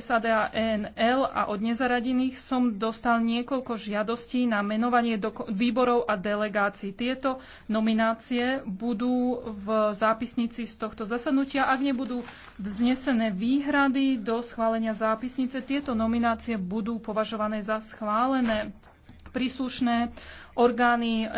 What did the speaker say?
SAD a ENL a od nezaradených som dostal niekoľko žiadostí na menovanie do výborov a delegácií. Tieto nominácie budú v zápisnici z tohto zasadnutia. Ak nebudú vznesené výhrady do schválenia zápisnice, tieto nominácie budú považované za schválené. Príslušné orgány